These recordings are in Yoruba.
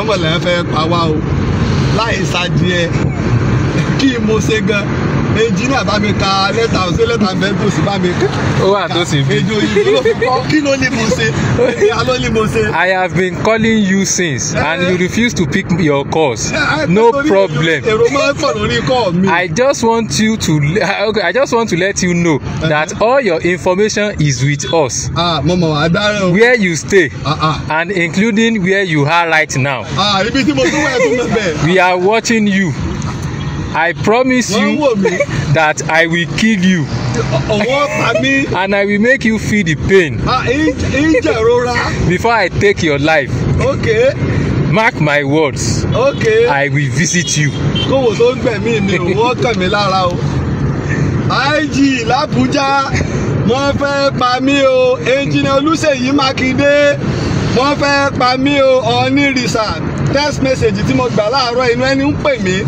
ọmọlẹ́yìn fẹ́ pa wá o láì sadìẹ kí mo ṣe gan ẹnjìnìà bá mi ka lẹ́tà ọ̀sẹ̀ lẹ́tà mẹ́tò sí bá mi ká ó yìí ló fi kọ́ kí ló ní mo ṣe ìyá ló ní mo ṣe. I have been calling you since and you eh? refuse to pick your calls eh, eh, no problem I just want you to ah, okay, I just want to let you know that all your information is with us ah, where you stay ah, and including where you are right now we are watching you. I promise you that I will kill you. and I will make you feel the pain. Ah, before I take your life. Okay. Mark my words. Okay. I will visit you. Kówó tó ń gbẹ̀mí mi ò wọ́n kàn mí lára o. IG l'Abuja wọ́n fẹ́ pa mí o. Engineer Olúṣèyí Mákindé wọ́n fẹ́ pa mí o. Ọ̀nì Rìsà text message tí mo gbà láàárọ̀ inú ẹni ń pè mí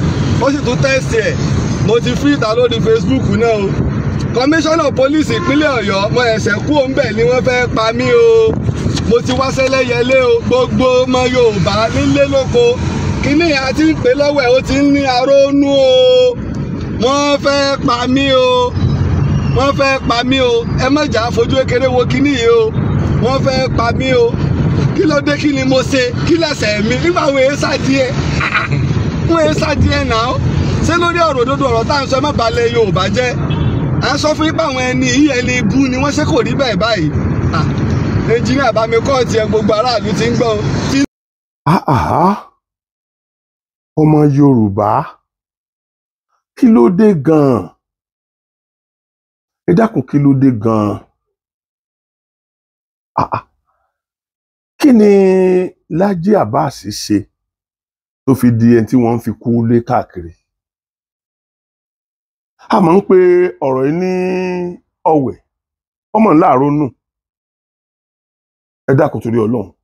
ó sì tún tẹ́sì ẹ̀ mo ti fi ìta lórí Facebook náà o kọmíṣánná pólíìsì ìpínlẹ̀ ọ̀yọ́ mo ẹ̀sẹ̀ kú òǹbẹ̀ ni wọ́n fẹ́ pa mí o mo ti wá sẹ́lẹ̀yẹlé o gbogbo ọmọ yorùbá nílé lóko kínní àti ń pè lọ́wọ́ ẹ̀ ó ti ń ní arónú o wọ́n fẹ́ pa mí o wọ́n fẹ́ pa mí o ẹ má fojú kékeré wo kínní yìí o wọ́n fẹ́ pa mí o kí ló dé kí ni mo ṣe kí lẹ́sẹ̀ mi nígbà wo èé sá díẹ̀ fún ẹ̀sà díẹ̀ náà ṣé lórí ọ̀rọ̀ òdodo ọ̀rọ̀ tá à ń sọ mọ́ba lẹ Yorùbá jẹ́ à ń sọ fún yín pé àwọn ẹni yìí ẹni ibú ni wọ́n ṣe kò rí bẹ́ẹ̀ báyìí nàìjíríà bá mi kọ́ọ̀tì ẹ gbogbo aráàlú ti ń gbọ́. ọmọ Yorùbá kí ló dé gan-an ẹ dákun kí ló dé gan-an kí ni Lájí Abbas ṣe. tó fi di ẹni tí wọ́n fi kú lé káàkiri a máa ń pe ọ̀rọ̀ yìí ní ọ̀wẹ̀ ọmọ láàárọ̀ nù ẹ torí Ọlọ́run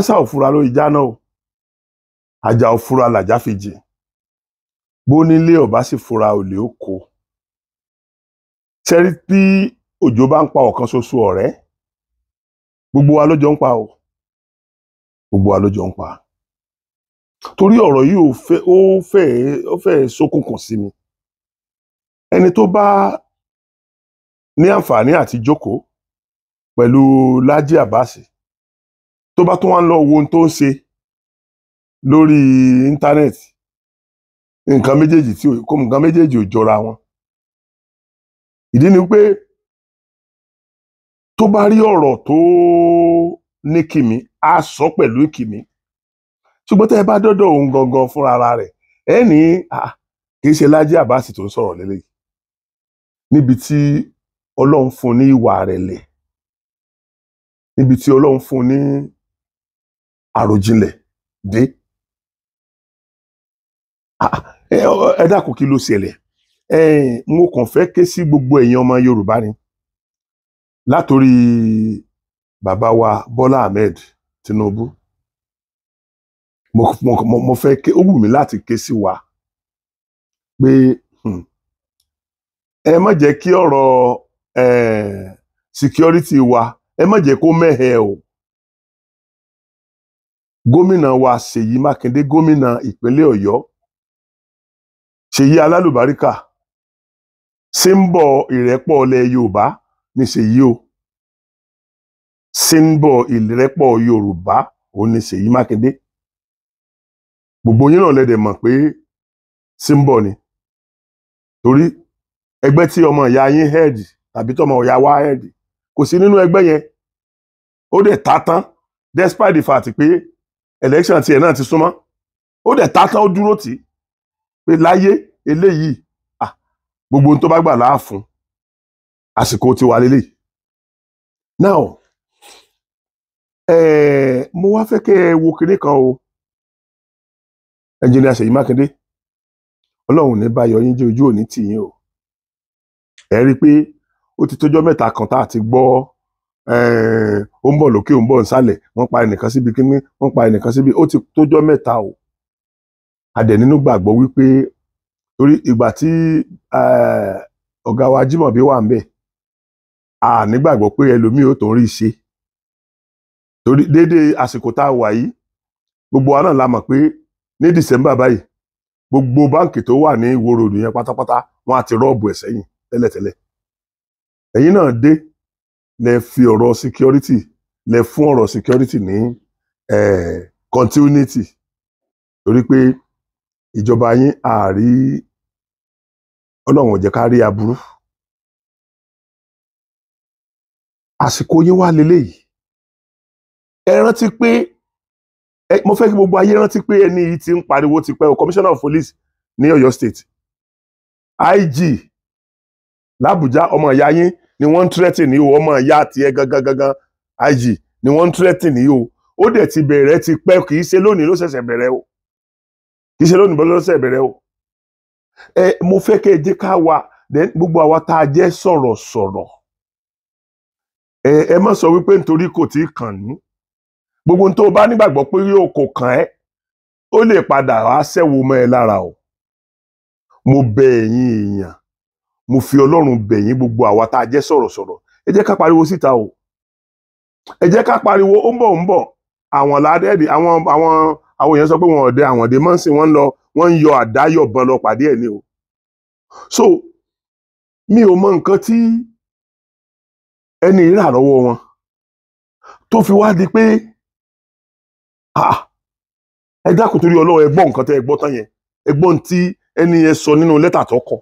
ẹ òfura ló náà o àjà òfura làjà fi gbónílé ọba sì fura olè oko tí òjò bá ń pa ọ̀kan gbogbo wa o. gbogbo wa ló jọ ń pa torí ọ̀rọ̀ yìí ó fẹ́ ó fẹ́ ó fẹ́ ṣókùnkùn sí mi ẹni tó bá ní àǹfààní àti jókòó pẹ̀lú Lájí Abbas tó bá tún wá ń lọ wo ohun tó ń ṣe lórí íńtánẹ́ẹ̀tì nǹkan méjèèjì tí kò nǹkan méjèèjì ò jọra wọn ìdí ni pé tó bá rí ọ̀rọ̀ tó ní kìmí á sọ pẹ̀lú ìkìmí ṣùgbọ́n tẹ́ ẹ bá dọ́dọ̀ òun gangan fúnra rẹ̀ ẹ ní kì í ṣe Lájí Àbáàsì tó ń sọ̀rọ̀ lélẹ́yìí níbi tí Ọlọ́run fún ní ìwà àrẹ̀lẹ̀ níbi tí Ọlọ́run fún ní àròjinlẹ̀ dé ẹ dákun kí ló ṣẹlẹ̀ mo kàn fẹ́ ké sí gbogbo ẹ̀yin ọmọ Yorùbá ni látòrí bàbá wa Bọ́lá Ahmed Tinubu mo mo mo fẹ́ ké ó wù mí láti ké sí wa pé hmm, ẹ má jẹ́ kí ọ̀rọ̀ security wa ẹ má jẹ́ kó mẹ́hẹ o gómìnà wa Ṣèyí Mákindé gómìnà ìpínlẹ̀ Ọ̀yọ́ Ṣèyí Alálùbáríkà símbọ̀ ìrẹ́pọ̀ ilẹ̀ Yorùbá ni Ṣèyí o. símbọ̀ ìrẹ́pọ̀ yorùbá òun ni ṣèyí mákindé gbogbo yín náà lẹ́dẹ̀ mọ̀ pé símbọ̀ ni torí ẹgbẹ́ tí ọmọ ìyá yín hẹ́ẹ̀dì tàbí tọmọ ìyá wa hẹ́ẹ̀dì kò sí nínú ẹgbẹ́ yẹn ó dẹ̀ ta tán despite the fact pé election tiẹ̀ náà ti súnmọ́ ó dẹ̀ ta tán ó dúró tì í pé láyé eléyìí gbogbo ohun tó bá gbà láàfún àsìkò tiwa lélẹ́yìí now Eh, mo wá fẹ́ kẹ́ ẹ wo kinní kan o ẹnjìnìá Ṣèyí Mákindé ọlọ́run ní bá yọyín jẹ́ ojú òní tì yín o ẹ rí i pé ó ti tójọ́ mẹ́ta kan tá a ti gbọ́ eh, ó ń bọ̀ lókè ó ń bọ̀ nsàlẹ̀ wọ́n pa ẹnìkan síbi kínní wọ́n pa ẹnìkan síbi ó ti tójọ́ mẹ́ta o adẹ̀ nínú gbàgbọ́ wípé torí ìgbà tí eh, ọ̀gá wa Jímọ̀bí wà ń bẹ̀ à nígbàgbọ́ pé ẹlòmíì ó tó ń rí i ṣe torí déédéé àsìkò tá a wà yìí gbogbo wa náà la mọ̀ pé ní december báyìí gbogbo báǹkì tó wà ní Ìwó Road yẹn pátápátá wọn àti rọ́ọ̀bù ẹ̀ sẹ́yìn tẹ́lẹ̀tẹ́lẹ̀ ẹ̀yin náà dé lẹ fi ọ̀rọ̀ security lẹ fún ọ̀rọ̀ security ní continuity torí pé ìjọba yín àárí ọlọ́run ò jẹ́ ká rí aburú àsìkò yín wá leléyìí ẹ rántí pé mo fẹ́ kí gbogbo ayé rántí pé ẹni yìí ti ń pariwo tipẹ́ o commissioner of police ní Ọ̀yọ́ state IG làbújá ọmọ ìyá yín ni wọ́n ń tírẹ́tì ní o ọmọ ìyá àti ẹ gangan gangan IG ni wọ́n ń tírẹ́tì ní o ó dẹ̀ ti bẹ̀rẹ̀ ti pẹ́ kì í ṣe lónìí ló ṣẹ̀ṣẹ̀ bẹ̀rẹ̀ o kì í ṣe lónìí ló ṣẹ̀ṣẹ̀ bẹ̀rẹ̀ o ẹ mo fẹ́ kẹ́ ẹ jẹ́ ká wa gbogbo àwa tá a jẹ́ sọ̀rọ̀ sọ̀rọ̀ ẹ ẹ má sọ wípé nítorí kò tí ì kàn ní gbogbo tó o bá nígbàgbọ́ pé yóò kò kàn ẹ́ ó lè padà wá sẹ́wó mọ́ ẹ lára o mo bẹ ẹ̀yin èèyàn mo fi ọlọ́run bẹ̀ yín gbogbo àwa tá a jẹ́ sọ̀rọ̀sọ̀rọ̀ ẹ jẹ́ ká pariwo síta o ẹ jẹ́ ká pariwo ó ń bọ̀ ń bọ̀ àwọn ládẹ́ẹ̀dì àwọn àwọn àwọn èèyàn sọ pé wọn ò dé àwọn ọ̀dẹ mọ́ sí wọn lọ wọn ń yọ àdáyọ̀bọ̀n lọ pàdé ẹ̀ ní o so mi ò mọ nǹkan tí ẹni rà lọ́wọ́ wọn tó fi wá di pé Ah, ẹ dákun torí ọlọ́run ẹ gbọ́ nǹkan tẹ́ ẹ gbọ́ tán yẹn ẹ gbọ́ tí ẹni yẹn sọ nínú lẹ́tà tó kọ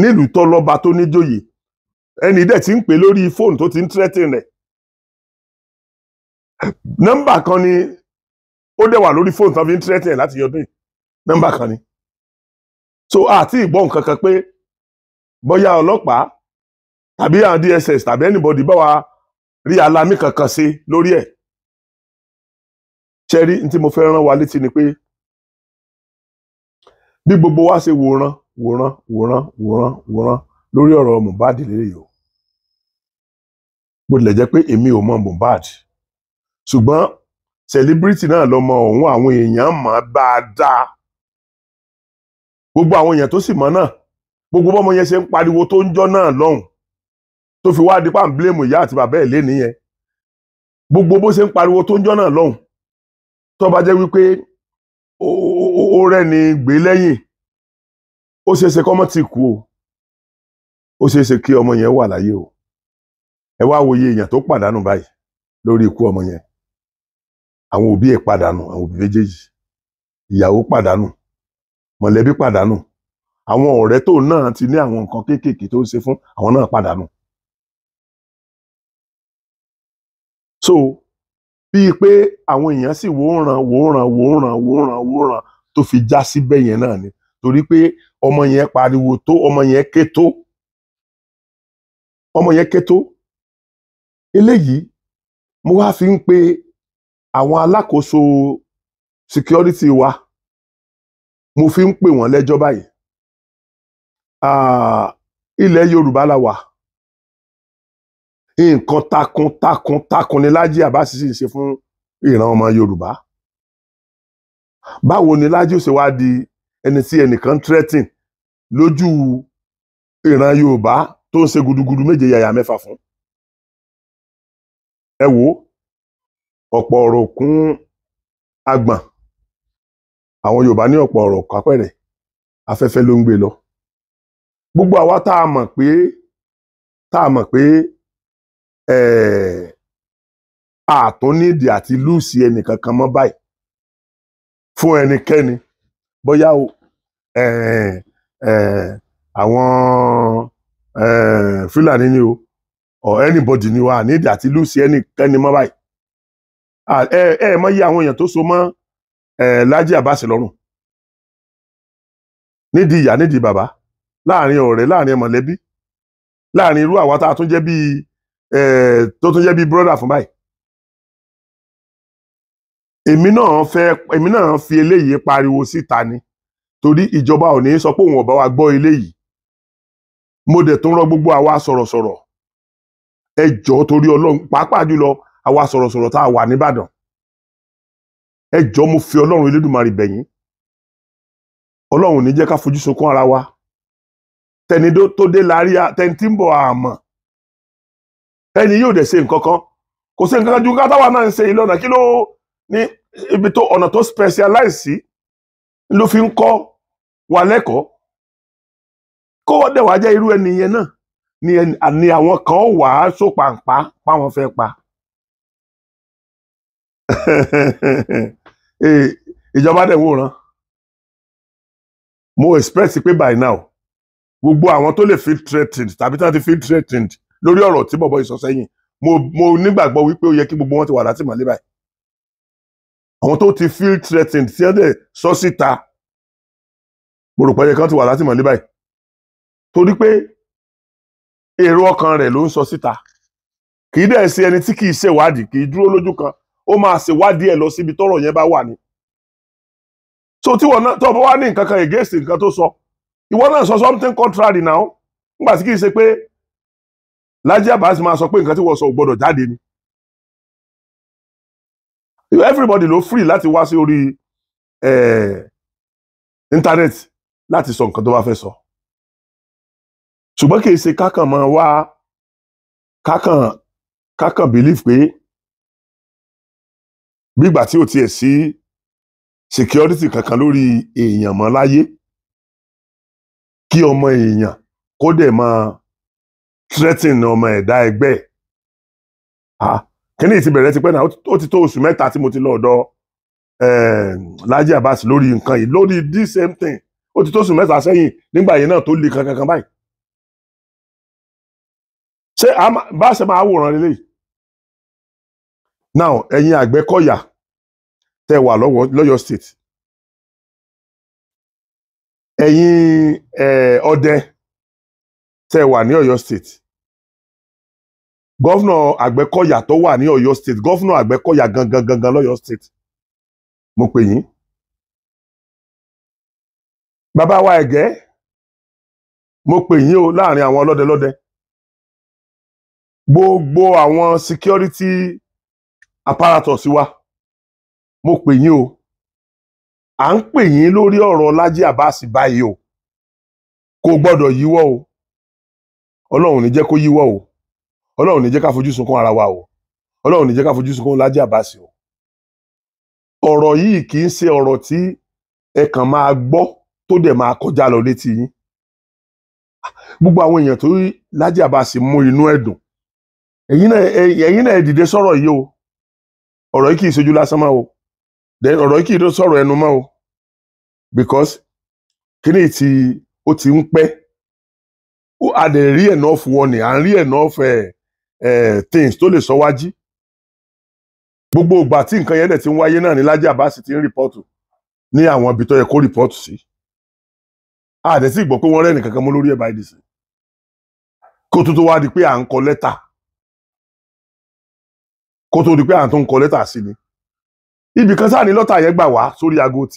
nílùú tó lọ́ba tó níjòyè ẹni dẹ̀ ti ń pè lórí fóònù tó ti ń tírẹ́tìn rẹ̀ nọ́mbà kan ni ó dẹ̀ wà lórí fóònù tó fi ń tírẹ́tìn rẹ̀ láti yọdún yìí nọ́mbà kan ni so àti ìgbọ́ nǹkan pé bóyá ọlọ́pàá tàbí àwọn DSS tàbí anybody bá wa rí alamí kankan ṣe lórí ẹ̀ ṣẹ́rí ní tí mo fẹ́ rán wa létí ni pé bí gbogbo wa ṣe wòran wòran wòran wòran wòran lórí ọ̀rọ̀ Mohbad lélẹ́yìí o bó tilẹ̀ jẹ́ pé èmi ò mọ Mohbad ṣùgbọ́n celebrity náà lọmọ ọ̀hún àwọn èèyàn mọ̀ bá a dáa gbogbo àwọn èèyàn tó sì mọ̀ náà gbogbo bọ́mọ yẹn ṣe ń pariwo tó ń jọ́ náà lọ́hùn tó fi wá di pàǹbílẹ̀mù ìyá àti bàbá ẹ̀ lé nìyẹn gbogbo bó ṣe ń pariwo tó ń jọ́ náà lọ́hùn tó bá jẹ́ wípé ó rẹ́ni gbé lẹ́yìn ó ṣeéṣe kọ́mọ́ ti kú o ó ṣeéṣe kí ọmọ yẹn wà láyé o ẹ wá wòye èèyàn tó pàdánù báyìí lórí ikú ọmọ yẹn àwọn òbí ẹ̀ pàdánù àwọn òbí méjèèjì ìyàwó pàdánù mọ̀lẹ́bí pàdánù àwọn ọ̀rẹ́ tó náà ti ní àwọn nǹkan kéékèèké tó ń ṣe fún àwọn náà pàdánù so bíi pé àwọn èèyàn sì wòran wòran wòran wòran wòran tó fi já síbẹ̀ yẹn náà ni torí pé ọmọ yẹn pariwo tó ọmọ yẹn ké tó ọmọ yẹn ké tó eléyìí mo wá fi ń pe àwọn alákòóso security wa mo fi ń pè wọ́n lẹ́jọ́ báyìí ah, ilẹ̀ Yorùbá la wà nǹkan takun takun takun ni Lájí Àbáàsì sì ń ṣe fún ìran ọmọ Yorùbá báwo ni Lájí ó ṣe wá di ẹni tí ẹnìkan threatening lójú ìran Yorùbá tó ń ṣe gudugudu méje yàyà mẹ́fà fún ẹ wò ọ̀pọ̀ ọ̀rọ̀ kún agbọ̀n àwọn Yorùbá ní ọ̀pọ̀ ọ̀rọ̀ kápẹ̀rẹ̀ afẹ́fẹ́ ló ń gbé lọ gbogbo àwa tá a mọ̀ pé tá a mọ̀ pé àtúnídìí eh, àti lùsì ẹnìkankan mọ́ báyìí fún ẹnikẹ́ni bóyá o eh, eh, àwọn fúlàní ni o or anybody ni o ànídìí àti lùsì ẹnìkankan mọ́ báyìí ẹ ẹ mọ iye àwọn èèyàn tó so mọ́ Lájí Abbas lọ́rùn nídìí ìyá nídìí bàbá láàrin ọ̀rẹ́ láàrin mọ̀lẹ́bí láàrin irú àwa tá a tún jẹ́ bíi Eh, tó tún jẹ́ bíi brọ́dà fún báyìí èmi náà fẹ́ èmi náà fi eléyìí pariwo síta ni torí ìjọba ò ní sọ pé òun ò wa gbọ́ eléyìí mo dẹ̀ tún rọ gbogbo àwa sọ̀rọ̀sọ̀rọ̀ ẹ jọ̀ọ́ torí ọlọ́run pàápàá jùlọ àwa sọ̀rọ̀sọ̀rọ̀ tá a wà nìbàdàn ẹ jọ̀ọ́ mo fi ọlọ́run elédùnmarè bẹ̀yín ọlọ́run ò ní jẹ́ ká fojú sunkún ara wa tẹni tó dé lárí tẹni tí ń bọ̀ àmọ́ ẹni yóò dẹ̀ ṣe nǹkan kan kò sí nǹkan kan ju kátáwà náà ń ṣe ìlọ́nà kí ló ní ibi tó ọ̀nà tó specialize sí ló fi ń kọ́ wa lẹ́kọ̀ọ́ kó wọ́n dẹ̀ wá jẹ́ irú ẹni yẹn náà ni àwọn kan wà á sọ pàǹpá páwọn fẹ́ pa. Eh, ìjọba dẹ̀ wòran mo expect pé by now gbogbo àwọn tó lè feel threatened tàbí tí wọ́n feel threatened lórí ọ̀rọ̀ tí bọ̀bọ̀ ìsọ sẹ́yìn mo mo nígbàgbọ́ wípé ó yẹ kí gbogbo wọn ti wà látìmọ́lé báyìí àwọn tó ti feel threatened tí ẹ dẹ̀ sọ síta mo rò pẹ́yẹ kan ti wà látìmọ́lé báyìí torí pé èrò ọkàn rẹ̀ ló ń sọ síta kì í dẹ̀ ṣe ẹni tí kì í ṣèwádìí kì í dúró lójú kan ó máa ṣèwádìí ẹ̀ lọ síbi tọ́rọ̀ yẹn bá wà ní. so tí wọn tó bá wá ní nǹkan kan against nǹkan tó sọ ìwọ náà sọ something contrary now nígbà tí kì í ṣe pé Laji Abbas máa sọ pé nǹkan tí wọ́n sọ ò gbọ́dọ̀ jáde ni everybody ló free láti wá sí orí eh, internet láti sọ nǹkan tó bá fẹ́ sọ ṣùgbọ́n kì í ṣe kákan máa wá kákan kákan believe pé gbígbà tí ò tiẹ̀ sí security kankan lórí èèyàn mọ́ láyé kí ọmọ èèyàn kó dẹ̀ máa. threatening ọmọ ẹ̀dá ẹgbẹ́ ẹ̀ kíní ti bẹ̀rẹ̀ tipẹ́ náà ó ti tó oṣù mẹ́ta tí mo ti lọ ọ̀dọ̀ eh, Laji Abbas lórí nǹkan yìí lórí the same thing ó ti tó oṣù mẹ́ta sẹ́yìn nígbà yẹn náà tó le kankan báyìí ṣé bá a ṣe máa wòran lélẹ́yìí now ẹ̀yin Àgbẹ̀kọ̀yà tẹ́ wà lọ́yọ̀ state ẹ̀yin eh, ọdẹ. Eh, tẹ́ ẹ wà ní Ọ̀yọ́ state gọ́fúnà Àgbẹ̀kọ̀yà tó wà ní Ọ̀yọ́ state gọ́fúnà Àgbẹ̀kọ̀yà gangan gangan lọ́yọ́ state mo pè yín bàbá wa ẹ̀gẹ́ mo pè yín o láàrin àwọn ọlọ́dẹlọ́dẹ gbogbo àwọn security apparatus wa mo pè yín o à ń pè yín lórí ọ̀rọ̀ Lájí Abbas báyìí o kò gbọ́dọ̀ yíwọ́ o ọlọ́run ní jẹ́ kó yíwọ́ o ọlọ́run ní jẹ́ ká fojú sunkún ara wa o ọlọ́run ní jẹ́ ká fojú sunkún Lájí Abbas o ọ̀rọ̀ yìí kì í ṣe ọ̀rọ̀ tí ẹ kàn máa gbọ́ tó dẹ̀ máa kọjá lọ létí yín gbogbo àwọn èèyàn tó rí Lájí Abbas mú inú ẹ̀dùn ẹ̀yin náà ẹ dìde sọ̀rọ̀ yìí o ọ̀rọ̀ yìí kì í ṣojú lásán mọ́ o then ọ̀rọ̀ yìí kì í sọ̀rọ̀ ẹnu mọ́ o because kíni tí ó ti ń pẹ́ a dẹ̀ enough warning à ń enough uh, uh, things to le sọ gbogbo ìgbà tí nǹkan yẹn ti ń wáyé náà Laji ti ń rìpọ́tù ní àwọn ibi tó yẹ kó a dẹ̀ pé wọ́n rẹ́ni kankan mú lórí ẹ̀ báyìí dì kó tó tó wá di pé à ń kọ lẹ́tà kó tó di pé ni ibì kan sáà ní lọ́tà yẹn gbà wá sórí aago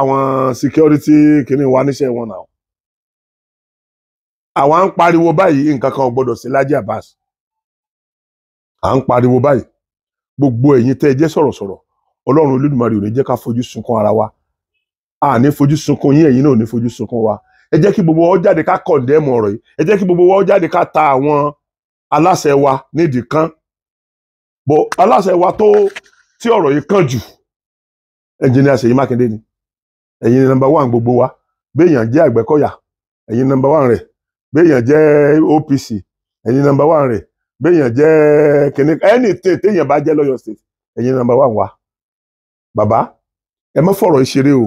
àwọn security kìíní wa níṣẹ́ wọn náà àwa ń pariwo báyìí nǹkan kan gbọdọ̀ sí Laji à pariwo báyìí gbogbo ẹ̀yin tẹ́ ẹ jẹ́ sọ̀rọ̀sọ̀rọ̀ Ọlọ́run Olódùmarè ò ní jẹ́ ká fojú ara wa a ní fojú sunkún yín ẹ̀yin náà ò ní fojú wa ẹ jẹ́ kí gbogbo jáde ká ẹ jẹ́ kí gbogbo jáde ta àwọn aláṣẹ wa kan aláṣẹ wa tó tí ọ̀rọ̀ yìí ẹ̀yin ni number one gbogbo wa béèyàn jẹ́ àgbẹ̀kọ̀yà ẹ̀yin number one rẹ̀ béèyàn jẹ́ OPC ẹ̀yin number one rẹ̀ béèyàn jẹ́ kìnní anything téèyàn bá jẹ́ lọ́yọ̀ state ẹ̀yin number one wa bàbá ẹ má fọ̀rọ̀ ìṣeré o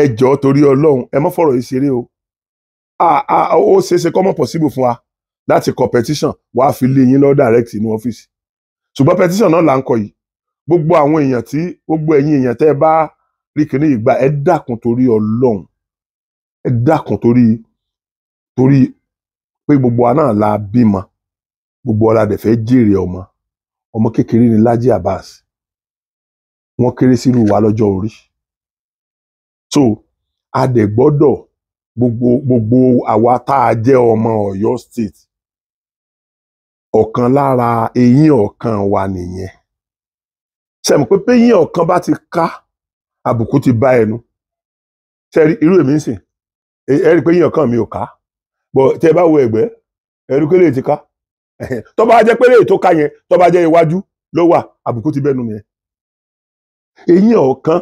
ẹ jọ̀ọ́ torí ọlọ́run ẹ má fọ̀rọ̀ ìṣeré o ó ṣeéṣe kọ́mọ̀ possible fún wa láti kọ petition wà á fi lé yín lọ direct inú ọ́fíìsì ṣùgbọ́n petition náà là ń kọ yìí gbogbo àwọn èèyàn tí gbogbo ẹ̀yin èèyàn tẹ́ bá rí kíní yìí gbà ẹ dákun torí ọlọ́run ẹ dákun torí torí pé gbogbo wa náà la bímọ gbogbo wa la dẹ̀ fẹ́ jèrè ọmọ ọmọ kékeré ni Laji Abbas wọ́n kéré sínú wa lọ́jọ́ orí so a dẹ̀ gbọ́dọ̀ gbogbo gbogbo àwa tá a jẹ́ ọmọ Ọ̀yọ́ state ọ̀kan lára eyín ọ̀kan wa nìyẹn ṣe mọ̀ pé péyín ọ̀kan bá ti ká àbùkù ti bá ẹnu sẹ́rí irú èmi ń sìn ẹ rí i pé yíyan kan mi ò ká bọ̀ tẹ́ ẹ bá wo ẹ̀gbẹ́ ẹ rí i pé lè ti ká tó bá jẹ́ pé lè tó ká yẹn tó bá jẹ́ iwájú ló wà àbùkù ti bẹ́nu yẹn eyín ọ̀kan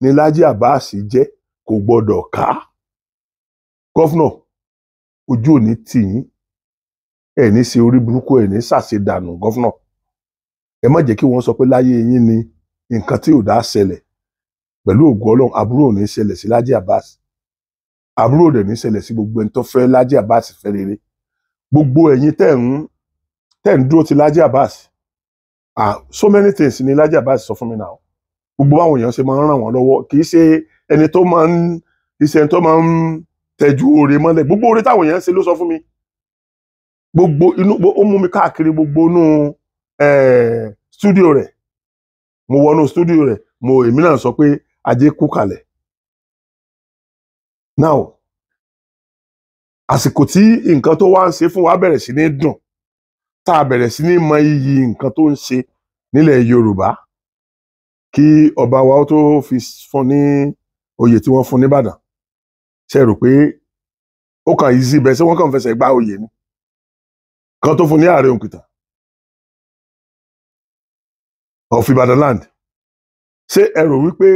ni Laji Abbas jẹ́ kò gbọ́dọ̀ ká gọ́fúnà ojú òní tì yín ẹ̀ ní ṣe orí burúkú ẹ̀ ní ṣàṣedànù gọ́fúnà ẹ má jẹ́ kí wọ́n sọ pé láyé yín ni nǹkan tí ò dá ṣẹlẹ̀ pẹ̀lú ògo ọlọ́run àbúrò ò ní ṣẹlẹ̀ sí Laji Abbas àbúrò ní sí gbogbo ẹni tó fẹ́ fẹ́ rere gbogbo ẹ̀yin tẹ̀ ń tẹ̀ ń dúró ti so many things ni Laji Abbas sọ fún mi náà gbogbo àwọn èèyàn ṣe máa ń ràn wọ́n lọ́wọ́ kì í ṣe ẹni tó máa ń ṣe ẹni tó máa fún mi gbogbo ajé kú kalẹ̀ now àsìkò tí nǹkan tó wá ń ṣe fún wa bẹ̀rẹ̀ sí ní dùn tá a bẹ̀rẹ̀ sí ní mọ iyì nǹkan tó ń ṣe nílẹ̀ Yorùbá kí ọba wa ó tó fi fún ní oyè tí wọ́n fún nìbàdàn ṣe rò pé ó kàn yí sí ibẹ̀ ṣé wọ́n kàn fẹsẹ̀ gba oyè ni kan tó fún ní ààrẹ òǹkìtàn of Ibadan land ṣé ẹ rò wípé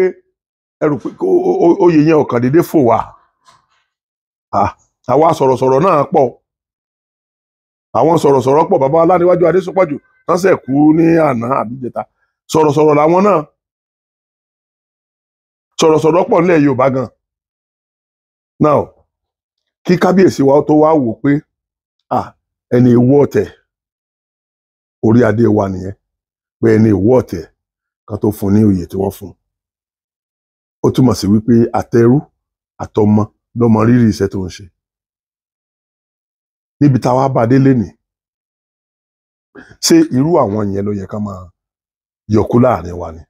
ẹrù pé oyè yẹn ọ̀kan dédé fò wá àwa sọ̀rọ̀sọ̀rọ̀ náà pọ̀ àwọn sọ̀rọ̀sọ̀rọ̀ pọ̀ bàbá aláníwájú adésùpọ̀jù wọ́n kú ní àná àbíjẹta sọ̀rọ̀sọ̀rọ̀ làwọn náà sọ̀rọ̀sọ̀rọ̀ pọ̀ nílẹ̀ yorùbá gan now kí kábíyèsí wa tó wá wò pé ẹni ìwọ ọ̀tẹ̀ orí adé wa nìyẹn pé ẹni ìwọ ọ̀tẹ̀ kan tó fún ní oyè tí wọ́n fún un ó túmọ̀ sí wípé àtẹrú àtọmọ ló mọ rírì iṣẹ́ tó ń ṣe níbi táwa bá dé lénìí ṣé irú àwọn yẹn ló yẹ ká máa yọkú láàrin wa ni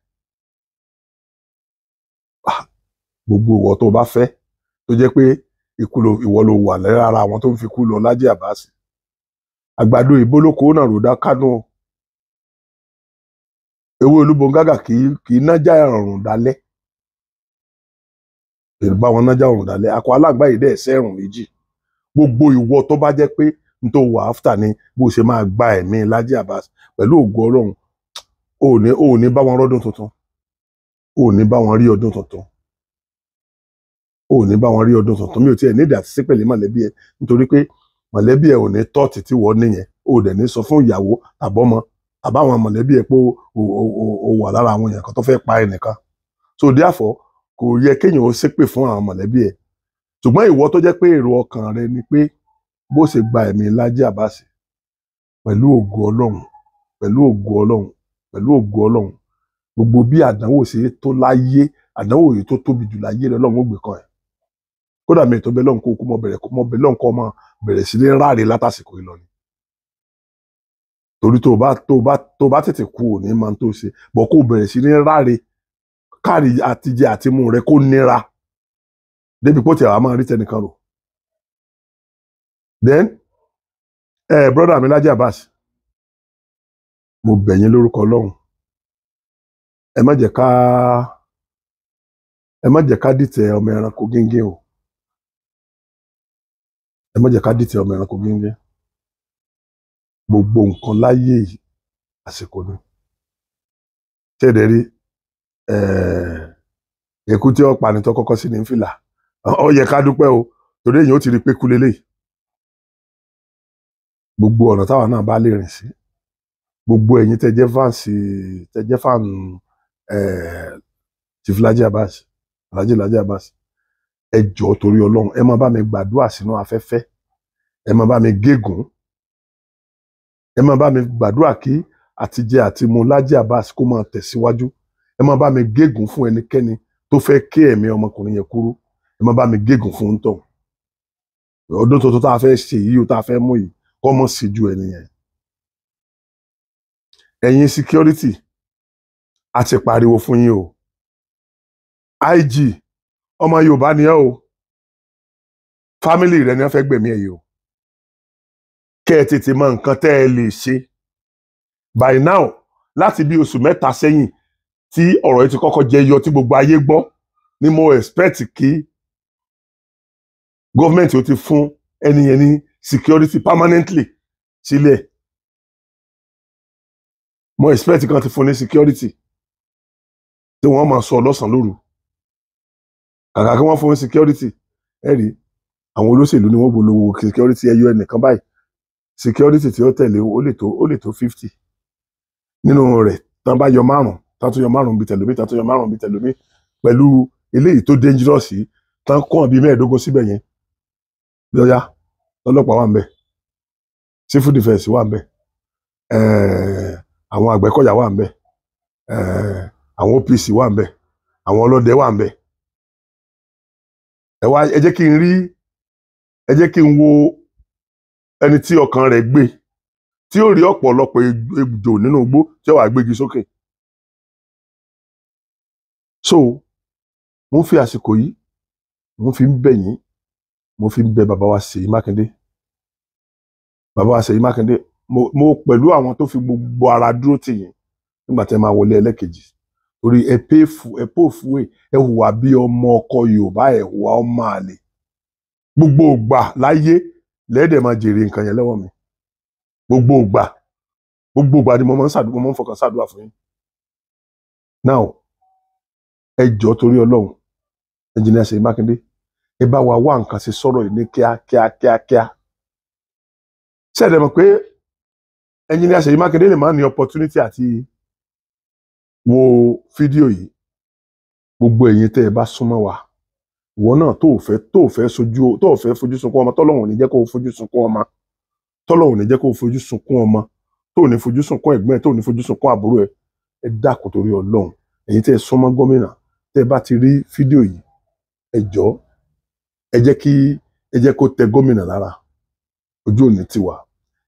ah, gbogbo ìwọ tó bá fẹ tó jẹ pé ikú lo ìwọ ló wà lára àwọn tó ń fi kú lọ lájẹ àbáṣe àgbàdo ìbò ló kó náà ròdá kánú ewé olúbọngágà kì í nájà ẹrọrùn dalẹ̀ ìbá wọn nájà ọ̀rùn dálẹ̀ akọ alágbá yìí dẹ̀ sẹ́rùn méjì gbogbo ìwọ tó bá jẹ́ pé n tó wà áfítà ni bó ṣe máa gba ẹ̀mí Lájí Abbas pẹ̀lú ògo Ọlọ́run ò ní ò ní bá wọn rọ́dún tuntun ò ní bá wọn rí ọdún tuntun ò ní bá wọn rí ọdún tuntun mi ò tiẹ̀ ní ìdàtí sí pẹ̀lú mọ̀lẹ́bí ẹ nítorí pé mọ̀lẹ́bí ẹ ò ní tọ́ọ̀tì tí wọ́n níyẹn ò dẹ̀ ní sọ fún ìyàwó àbọ́mọ àbáwọn mọ̀lẹ́bí ẹ pé ó wà lára àwọn èèyàn kan tó fẹ́ pa ẹnìkan so therefore kò yẹ kéèyàn ó ṣépè fún àwọn mọ̀lẹ́bí ẹ̀ ṣùgbọ́n ìwọ tó jẹ́ pé èrò ọkàn rẹ ni pé bó ṣe gba ẹ̀mí Laji Abbas pẹ̀lú ògo Ọlọ́run pẹ̀lú ògo Ọlọ́run pẹ̀lú ògo Ọlọ́run gbogbo bí àdánwò ṣe tó láyé àdánwò yìí tó tóbi jù láyé rẹ Ọlọ́run ó gbé e kan ẹ̀ kódà mi ìtọ́bẹ̀ lọ́hùn kó kú mọ bẹ̀rẹ̀ mọ bẹ̀ lọ́hùn kọ́ mọ bẹ̀rẹ̀ sí ní ráre látàsìkò yìí ni torí tó bá tó bá tó tètè kú òní máa tó ṣe bọ̀ kó bẹ̀rẹ̀ sí ní ráre káàrí àtijẹ àtimú rẹ kó nira débi pé ó ti àwọn máa rí tẹnìkan rò then ẹ eh, brother mi Laji mo lórúkọ Ọlọ́run ẹ má ọmọ ẹranko gíngé o ẹ má gbogbo nǹkan láyé àsìkò ni ẹ̀kú eh, tí ọ̀pá ni tó kọ́kọ́ sí ní fìlà ó yẹ ká dúpẹ́ o torí èyàn ó ti rí pé kú lélẹ̀ gbogbo ọ̀nà táwa náà bá lè rìn sí gbogbo ẹ̀yin tẹ́jẹ́ fáǹsì tẹ́jẹ́ fáǹ Chief Laji Abbas Alhaji Laji Abbas ẹ jọ̀ọ́ torí Ọlọ́run ẹ máa bá mi gbàdúrà sínú afẹ́fẹ́ ẹ máa bá mi gégùn ẹ máa bá mi gbàdúrà kí àtijẹ àti mu Laji Abbas kó máa tẹ̀síwájú. Si ẹ máa bá mi gégùn fún ẹnikẹ́ni tó fẹ́ ké ẹ̀mí ọmọkùnrin yẹn kúrú ẹ máa bá mi gégùn fún ń tàn ọdún tuntun tá a fẹ́ ṣe yìí o tá a fẹ́ mú yìí kọ́ mọ̀ sí ju ẹni yẹn ẹ̀yin security a ti pariwo fún yín o IG ọmọ Yorùbá ni ẹ o family rẹ ni wọ́n fẹ́ gbẹ̀mí ẹ yìí o kẹ́ ẹ tètè mọ nǹkan tẹ́ ẹ lè ṣe by now láti bí oṣù mẹ́ta sẹ́yìn tí ọ̀rọ̀ yìí ti kọ́kọ́ jẹyọ tí gbogbo ayé gbọ́ ni mo expect kí government ó ti fún ẹni ní security permanently sílẹ̀ mo expect kan ti fún ní security tí wọ́n máa sọ lọ́sàn-án lóru kàkà kí wọ́n fún ní security ẹ̀rí àwọn olóṣèlú ni wọ́n polówó security ẹyọ ẹnìkan báyìí security tí ó tẹ̀lé ó lè tó ó lè tó fifty nínú rẹ̀ tán bá yọ márùn-ún tátúyọ márùn bíi tẹlómi tátúyọ márùn bíi tẹlómi pẹ̀lú eléyìí tó dangerous yìí tán kàn bíi mẹ́ẹ̀ẹ́dógún síbẹ̀ yẹn lọ́yà ọlọ́pàá wà ń bẹ civil defence wà ń bẹ àwọn àgbẹ̀kọ̀yà wà ń bẹ àwọn OPC wà ń bẹ àwọn ọlọ́dẹ wà ń bẹ ẹ wá ẹ jẹ́ kí n rí ẹ jẹ́ kí n wo ẹni tí ọkàn rẹ̀ gbé tí ó rí ọ̀pọ̀lọpọ̀ ejò nínú igbó tí ó wà gbégi sókè. Okay so mo fi àsìkò yìí mo fi ń bẹ̀ yín mo fi ń bẹ̀ bàbá wa Ṣèyí Mákindé bàbá wa Ṣèyí Mákindé mo mo pẹ̀lú àwọn tó fi gbogbo ara dúró tì yín nígbà tẹ́ máa wọlé ẹlẹ́kejì torí ẹ pé fù ẹ pò fúwe ẹ hùwà bí ọmọ ọkọ Yorùbá ẹ hùwà ọmọ àlè gbogbo ògbà láyé lẹ́ẹ̀dẹ̀ máa jèrè nǹkan yẹn lọ́wọ́ mi gbogbo ògbà gbogbo ògbà ni mo máa ń fọkàn ṣàdúrà fún yín now ẹ jọ̀ọ́ torí Ọlọ́run engineer Ṣèyí Mákindé ẹ bá wa wá nǹkan ṣe sọ̀rọ̀ yìí ní kíákíá kíákíá ṣẹ̀dẹ̀ mọ̀ pé engineer Ṣèyí Mákindé lè má ní opportunity àti wo fídíò yìí gbogbo ẹ̀yin tẹ́ ẹ bá súnmọ́ wa ìwọ náà tó o fẹ́ tó o fẹ́ sojú tó o fẹ́ fojú sunkún ọmọ tọ́lọ́hùn ní jẹ́ kó o fojú sunkún ọmọ tọ́lọ́hùn ní jẹ́ kó o fojú sunkún ọmọ tó o ní fojú sunkún ẹ̀gbọ́n tó o ní fojú sunkún àbúrò ẹ̀ ẹ dákun torí Ọlọ́run ẹ̀yin tẹ́ ẹ súnmọ́ gómìnà tẹ́ ẹ bá ti rí fídíò yìí ẹ jọ̀ọ́ ẹ jẹ́ kí ẹ jẹ́ kó tẹ gómìnà lára ojú òní tiwa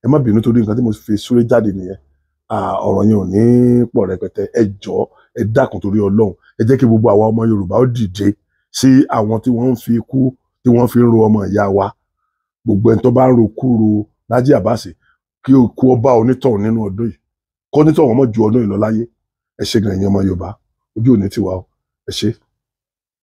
ẹ má bínú torí nǹkan tí mo fi súré jáde nìyẹn ọ̀rọ̀ yẹn ò ní pọ̀ rẹpẹtẹ ẹ jọ̀ọ́ ẹ dákun torí ọlọ́run ẹ jẹ́ kí gbogbo àwa ọmọ yorùbá ó dìde sí àwọn tí wọ́n ń fi ikú tí wọ́n fi ń ro ọmọ ìyá wa gbogbo ẹni tó bá ń ro kú ro Lájí Àbáàsì kí o kú ọba onítọ̀hún nínú ọdún yìí kó onítọ̀hún ọmọ ju ọdún yìí lọ láyé ẹ ṣe gan ẹ̀yin ọmọ yorùbá ojú òní tiwa o. Is she?